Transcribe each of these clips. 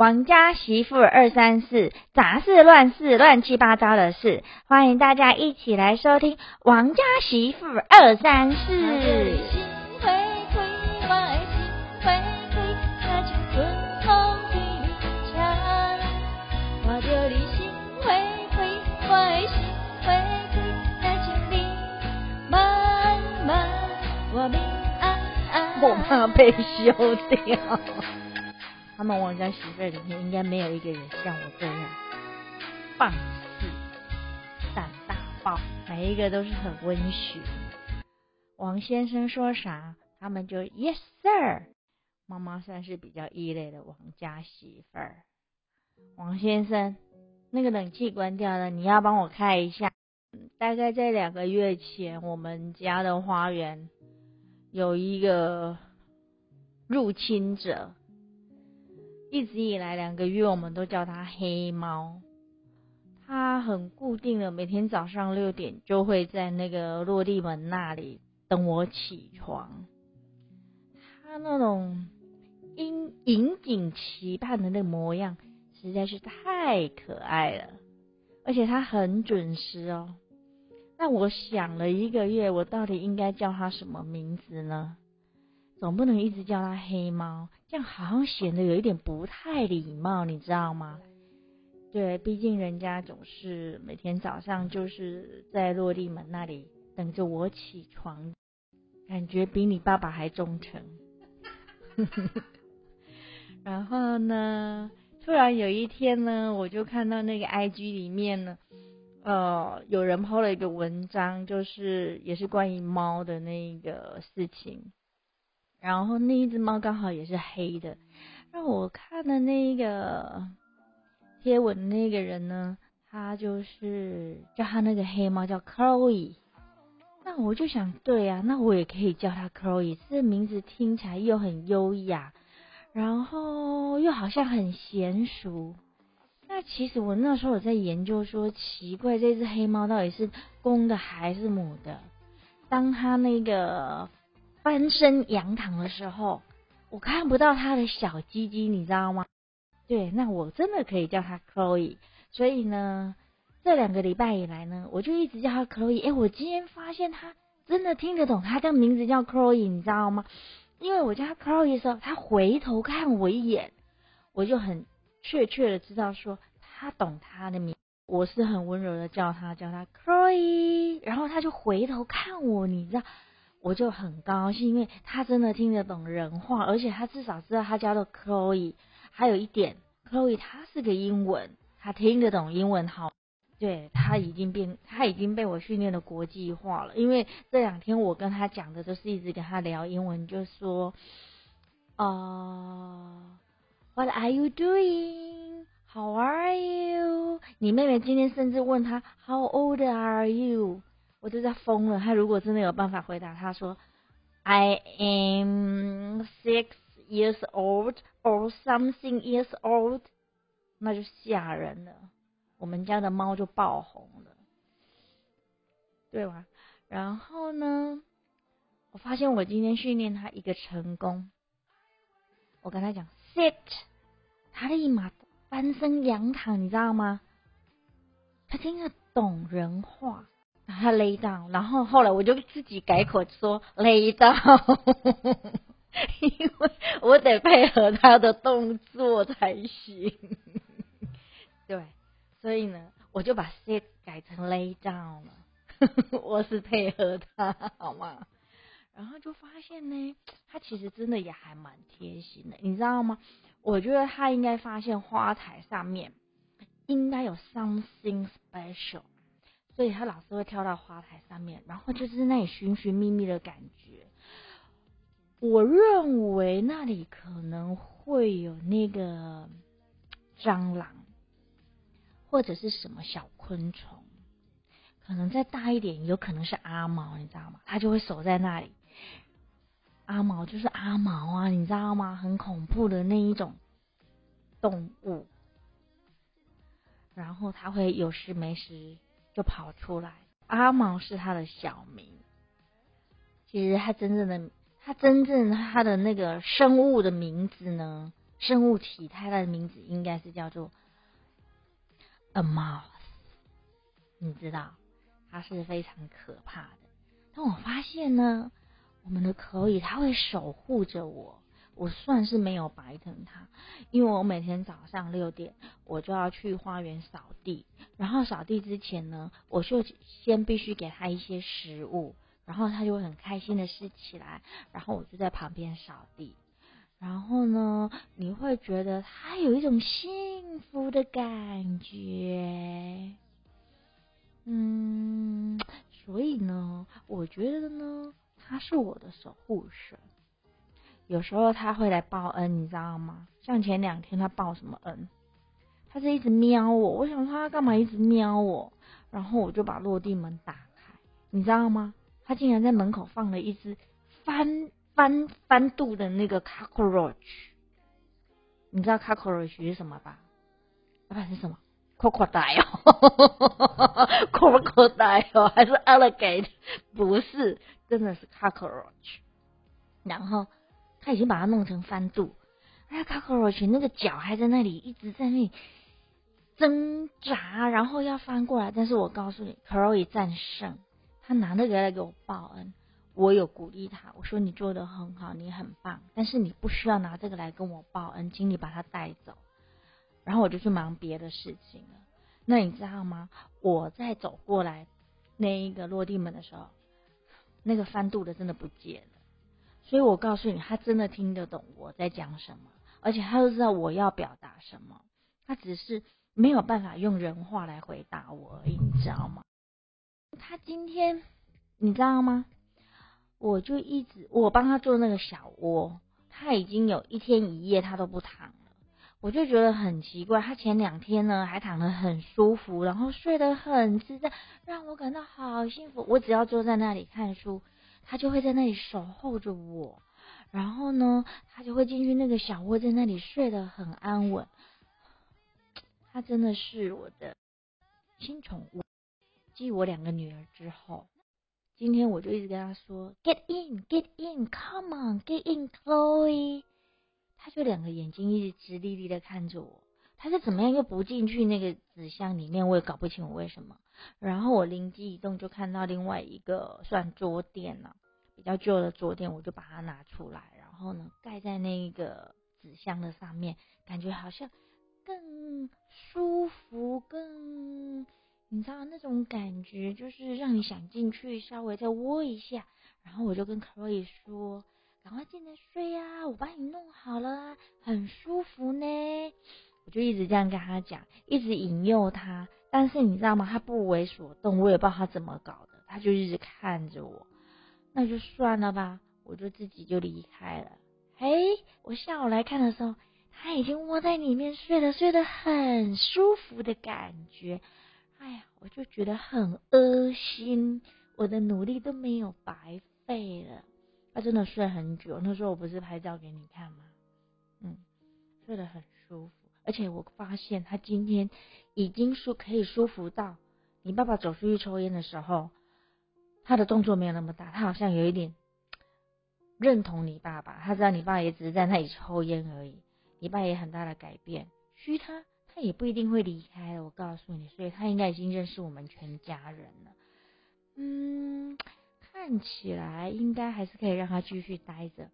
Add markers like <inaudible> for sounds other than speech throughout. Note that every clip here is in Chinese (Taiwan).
王家媳婦二三事，雜事亂事亂，亂七八糟的事，歡迎大家一起來收聽《王家媳婦二三事》。我心我心春風心我心慢慢。我怕被燒掉。他們王家媳婦裡面應該沒有一個人像我這樣放肆、膽大包，每一個都是很溫馴。王先生說啥，他們就 Yes sir。媽媽算是比較異類的王家媳婦。王先生，那個冷氣關掉了，你要幫我開一下、嗯。大概在兩個月前，我們家的花園有一個入侵者。一直以來兩個月，我們都叫它黑貓。它很固定的，每天早上六點就會在那個落地門那裡等我起床。它那種引引頸期盼的那模樣實在是太可愛了，而且它很準時哦。那我想了一個月，我到底應該叫它什麼名字呢？總不能一直叫它黑貓，這樣好像顯得有一點不太禮貌，你知道嗎？對，畢竟人家總是每天早上就是在落地門那裡等着我起床，感覺比你爸爸還忠誠。 <laughs> 然後呢，突然有一天呢，我就看到那個 IG 裡面呢，呃，有人 PO 了一個文章，就是也是關於貓的那個事情。然後那一隻貓剛好也是黑的，讓我看的那一個貼文的那個人呢，他就是叫他那個黑貓叫 Chloe，那我就想，對啊，那我也可以叫他 Chloe，這名字聽起來又很優雅，然後又好像很嫻熟。那其實我那時候我在研究說，奇怪這隻黑貓到底是公的還是母的？當他那個。翻身仰躺的時候，我看不到他的小雞雞，你知道嗎？對，那我真的可以叫他 Chloe。所以呢，這兩個禮拜以來呢，我就一直叫他 Chloe。欸，哎，我今天發現他真的聽得懂，他的名字叫 Chloe，你知道嗎？因為我叫他 Chloe 的時候，他回頭看我一眼，我就很確切的知道說他懂他的名字。我是很溫柔的叫他，叫他 Chloe，然後他就回頭看我，你知道。我就很高興，因為他真的聽得懂人話，而且他至少知道他叫做 Chloe。還有一點，Chloe 他是個英文，他聽得懂英文。好，對，他已經變，他已經被我訓練的國際化了。因為這兩天我跟他講的都是一直跟他聊英文，就說，啊、uh，What are you doing？How are you？你妹妹今天甚至問他 How old are you？我就在瘋了，他如果真的有辦法回答，他說 "I am six years old or something years old"，那就嚇人了。我們家的貓就爆紅了，對吧？然後呢，我發現我今天訓練他一個成功，我跟他講 "sit"，他立馬翻身仰躺，你知道嗎？他聽得懂人話。他 lay down，然後後來我就自己改口說 lay down，呵呵，因為我得配合他的動作才行。對，所以呢，我就把 sit 改成 lay down 了。我是配合他，好嗎？然後就發現呢，他其實真的也還蠻貼心的，你知道嗎？我覺得他應該發現花台上面應該有 something special。所以他老是會跳到花台上面，然後就是那裡尋尋覓覓的感覺。我認為那裡可能會有那個蟑螂，或者是什麼小昆蟲，可能再大一點，有可能是阿毛，你知道嗎？他就會守在那裡。阿毛就是阿毛啊，你知道嗎？很恐怖的那一種動物，然後他會有時沒時。跑出來，阿毛是他的小名。其實他真正的，他真正他的那個生物的名字呢，生物體他的名字應該是叫做 a mouse。你知道，他是非常可怕的。但我發現呢，我們的口語它會守護着我。我算是沒有白疼他，因為我每天早上六點我就要去花園掃地，然後掃地之前呢，我就先必須給他一些食物，然後他就會很開心的吃起來，然後我就在旁邊掃地，然後呢，你會覺得他有一種幸福的感覺，嗯，所以呢，我覺得呢，他是我的守護神。有時候他會來報恩，你知道嗎？像前兩天他報什麼恩？他是一直瞄我，我想說他幹嘛一直瞄我？然後我就把落地門打開，你知道嗎？他竟然在門口放了一隻翻翻翻肚的那個 cockroach，你知道 cockroach 是什麼吧？不、啊、是什麼 crocodile，哈哈哈哈哈 crocodile 還是 alligator？不是，真的是 cockroach，然後。他已經把它弄成翻肚，哎呀，卡可羅奇那個腳還在那裡，一直在那裡掙扎，然後要翻過來。但是我告訴你，克羅伊戰勝，他拿這個來給我報恩。我有鼓勵他，我說你做得很好，你很棒，但是你不需要拿這個來跟我報恩。請你把它帶走，然後我就去忙別的事情了。那你知道嗎？我在走過來那一個落地門的時候，那個翻肚的真的不見了。所以，我告訴你，他真的聽得懂我在講什麼，而且他都知道我要表達什麼。他只是沒有辦法用人話來回答我而已，你知道嗎？他今天，你知道嗎？我就一直我幫他做那個小窩，他已經有一天一夜他都不躺了。我就覺得很奇怪，他前兩天呢還躺得很舒服，然後睡得很自在，讓我感到好幸福。我只要坐在那裡看書。他就會在那裡守候着我，然後呢，他就會進去那個小窩，在那裡睡得很安穩。他真的是我的新寵物，繼我兩個女兒之後。今天我就一直跟他說，Get in，Get in，Come on，Get in，Chloe。他就兩個眼睛一直直立立的看着我，他是怎麼樣又不進去那個紙箱裡面，我也搞不清我為什麼。然後我靈機一動，就看到另外一個算桌墊了、啊、比較舊的桌墊，我就把它拿出來，然後呢，蓋在那個紙箱的上面，感覺好像更舒服，更你知道那種感覺，就是讓你想進去稍微再窩一下。然後我就跟 Chloe 說，趕快進來睡呀、啊，我幫你弄好了，很舒服呢。我就一直這樣跟他講，一直引誘他。但是你知道嗎？他不為所動，我也不知道他怎麼搞的，他就一直看着我。那就算了吧，我就自己就離開了。嘿、欸，我下午來看的時候，他已經窩在裡面睡了，睡得很舒服的感覺。哎呀，我就覺得很安心，我的努力都沒有白費了。他真的睡很久，那時候我不是拍照給你看嗎？嗯，睡得很舒服，而且我發現他今天。已經舒可以舒服到你爸爸走出去抽煙的時候，他的動作沒有那麼大，他好像有一點認同你爸爸，他知道你爸也只是在那裡抽煙而已。你爸也很大的改變，噓他，他也不一定會離開。我告訴你，所以他應該已經認識我們全家人了。嗯，看起來應該還是可以讓他繼續待着，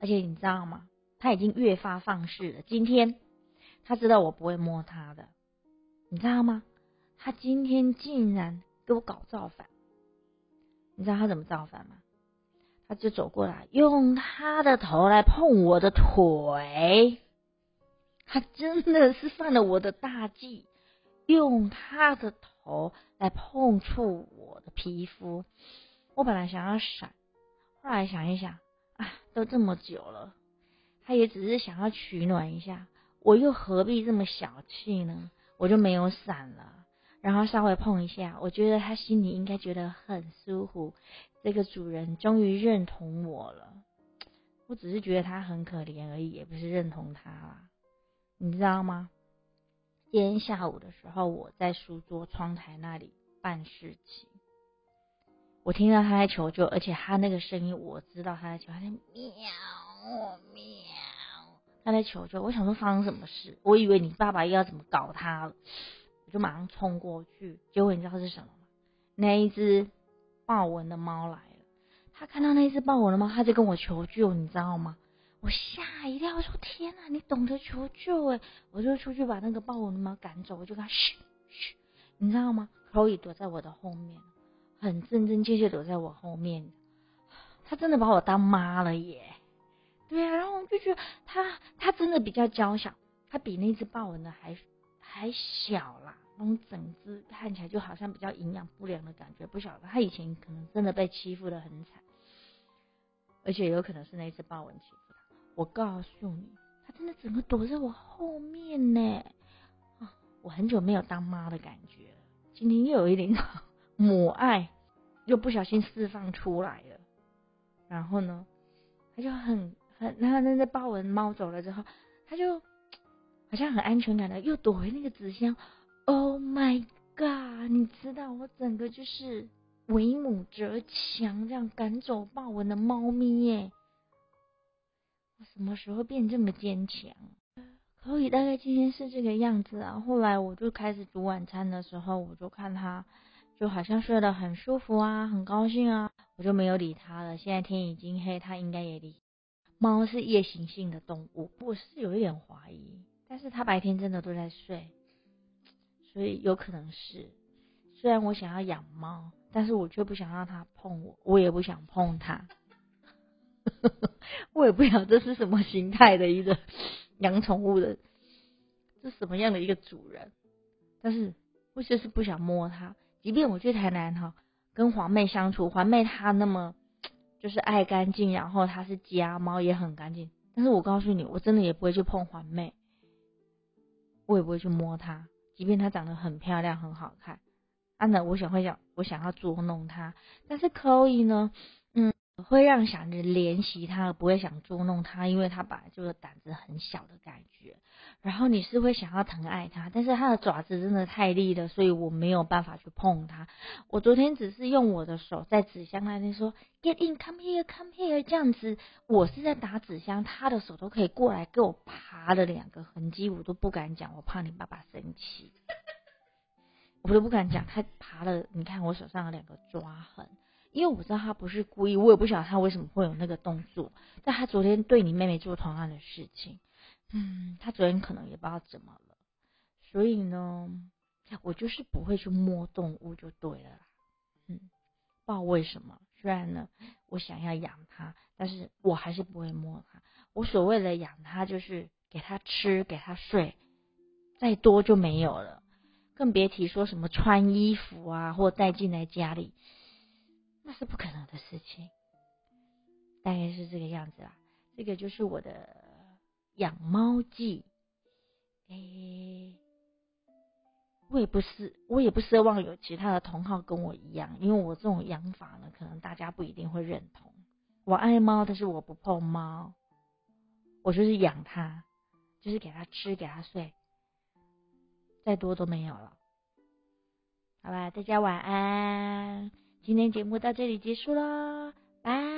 而且你知道嗎？他已經越發放肆了。今天他知道我不會摸他的。你知道嗎？他今天竟然給我搞造反！你知道他怎麼造反嗎？他就走過來，用他的頭來碰我的腿。他真的是犯了我的大忌，用他的頭來碰觸我的皮膚。我本來想要閃，後來想一想，啊，都這麼久了，他也只是想要取暖一下，我又何必這麼小氣呢？我就沒有傘了，然後稍微碰一下，我覺得他心裡應該覺得很舒服，這個主人終於認同我了。我只是覺得他很可憐而已，也不是認同他啦，你知道嗎？今天下午的時候，我在書桌窗台那裡辦事情，我聽到他在求救，而且他那個聲音，我知道他在求，他在喵我喵，我喵。他在求救，我想說發生什麼事？我以為你爸爸又要怎麼搞他了，我就馬上衝過去。結果你知道是什麼嗎？那一隻豹紋的貓來了，他看到那一隻豹紋的貓，他就跟我求救，你知道嗎？我嚇一跳，我說天哪、啊，你懂得求救哎！我就出去把那個豹紋的貓趕走，我就跟他噓噓，你知道嗎？Chloe 躲在我的後面，很真真切切躲在我後面，他真的把我當媽了耶。對啊，然後我就覺得它它真的比較嬌小，它比那隻豹紋的還還小啦。然後整隻看起來就好像比較營養不良的感覺，不曉得它以前可能真的被欺負的很慘，而且有可能是那隻豹紋欺負它。我告訴你，它真的整個躲在我後面呢。啊，我很久沒有當媽的感覺了，今天又有一點母愛又不小心釋放出來了。然後呢，他就很。然後那隻豹紋貓走了之後，它就好像很安全感的又躲回那個紙箱。Oh my god！你知道我整個就是為母則強，這樣趕走豹紋的貓咪耶。我什麼時候變這麼堅強？所以大概今天是這個樣子啊。後來我就開始煮晚餐的時候，我就看它就好像睡得很舒服啊，很高興啊，我就沒有理它了。現在天已經黑，它應該也理。貓是夜行性的動物，我是有一點懷疑，但是它白天真的都在睡，所以有可能是。雖然我想要養貓，但是我卻不想讓它碰我，我也不想碰它。 <laughs> 我也不曉得這是什麼形態的一個養寵物的，這是什麼樣的一個主人？但是我就是不想摸它，即便我去台南哈，跟皇妹相處，皇妹她那麼。就是愛乾淨，然後它是家貓也很乾淨。但是我告訴你，我真的也不會去碰環妹，我也不會去摸它，即便它長得很漂亮，很好看。按照我想會想，我想要捉弄它，但是可以呢？會讓想着憐惜他，不會想捉弄他，因為他本來就是膽子很小的感覺。然後你是會想要疼愛他，但是他的爪子真的太利了，所以我沒有辦法去碰他。我昨天只是用我的手在紙箱那邊說 “get in，come here，come here”，come here 這樣子，我是在打紙箱，他的手都可以過來給我爬了兩個痕跡，我都不敢講，我怕你爸爸生氣， <laughs> 我都不敢講。他爬了，你看我手上有兩個抓痕。因為我知道他不是故意，我也不曉得他為什麼會有那個動作。但他昨天對你妹妹做同樣的事情，嗯，他昨天可能也不知道怎麼了。所以呢，我就是不會去摸動物就對了。嗯，不知道為什麼，雖然呢，我想要養它，但是我還是不會摸它。我所謂的養它，就是給它吃，給它睡，再多就沒有了，更別提說什麼穿衣服啊，或帶進來家裡。那是不可能的事情，大概是這個樣子啦。這個就是我的養貓記。哎，我也不是，我也不奢望有其他的同好跟我一樣，因為我這種養法呢，可能大家不一定會認同。我愛貓，但是我不碰貓，我就是養它，就是給它吃，給它睡，再多都沒有了。好吧，大家晚安。今天節目到這裡結束嘍，拜。